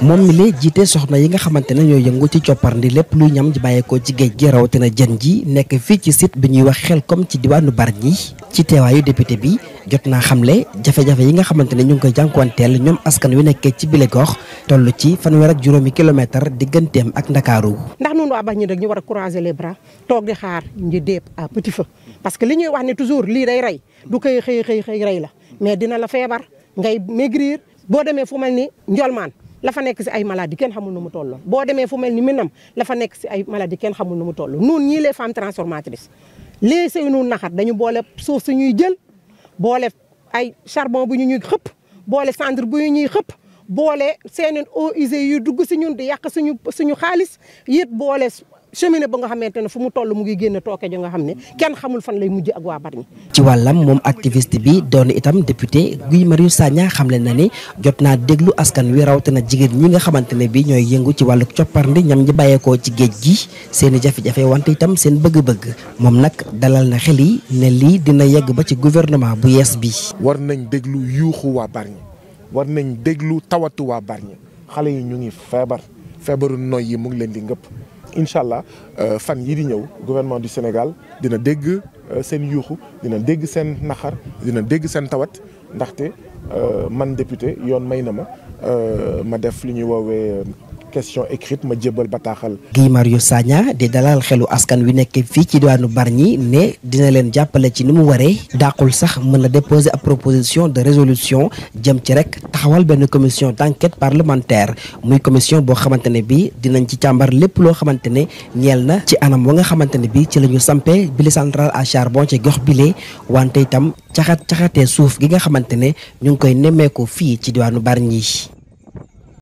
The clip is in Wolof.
moom mi lay jiite soxna yi nga xamante ne ñooy yëngu ci coppandi lépp luy ñam bàyyeekoo ci géej gi rawatina jën ji nekk fii ci site bi ñuy wax Xelcom ci diwaanu Bargny ci teewaayu député bi jot naa xamle jafe-jafe yi nga xamante ne ñu ngi koy jànkuwanteel ñoom askan wi nekkee ci bile gox toll ci fanweer ak juróomi kilomètre digganteem ak Ndakaaru. ndax noonu waa Bargny rek ñu war a croiser les bras toog di xaar ñu déeb a petit feu parce que li ñuy wax ne toujours lii day rey du koy xëy xëy xëy la mais dina la feebar ni njolmaan la fa nekk si ay maladie kenn xamul nu mu toll boo demee fu mel ni Minam la fa nekk si ay maladie kenn xamul nu mu toll nun ñii les femmes transformatrices lii sëy nun naxat dañu boole suuf si ñuy jël boole ay charbon bu ñu ñuy xëpp boole cendre bu ñu ñuy xëpp boole seeni eaux usées yu dugg si ñun di yàq suñu suñu xaalis yit boole semine ba nga xamante ne fu mu toll mu ngi génn tooke jo nga xam ne kenn xamul fan lay mujj ak waa Bargny ci wàllam moom activiste bi doon itam député Guy Marius Sagna xamle na ni jot naa déglu askan wi rawatina jigéen ñi nga xamante ne bi ñooy yëngu ci wàllu copparndi ñam ñi bàyyeekoo ci géej gi seeni jafe-jafe wante itam seen bëgg-bëgg moom nag dalal na xel yi ne lii dina yegg ba ci gouvernement bu yees bi war nañ déglu yuuxu waa Bargny war nañ déglu tawatu waa Bargny xale yi ñu feebar feebaru noy yi mu ngi leen di ngëpp incha allah euh, fan yii di ñëw gouvernement du Sénégal dina dégg euh, seen yuuxu dina dégg seen naxar dina dégg seen tawat ndaxte euh, man député yoon may na ma ma def li ñuy woowee question écrite ma jébbal bataaxal. Guy Marius Sagna di dalal xelu askan wi nekkee fii ci diwaanu Bargny ne dina leen jàppale ci ni mu waree daaxul sax mën a déposer ab proposition de résolution jëm ci rek taxawal benn commission d'enquête parlementaire muy commission boo xamante ne bi dinañ ci càmbar lépp loo xamante ne ñeel na ci anam wa nga xamante ne bi ci lañu ñu sampee bile centrale à charbon ci gox bile wante itam caxat caxatee suuf gi nga xamante ne ñu ngi koy nemmeeku fii ci diwaanu Bargny.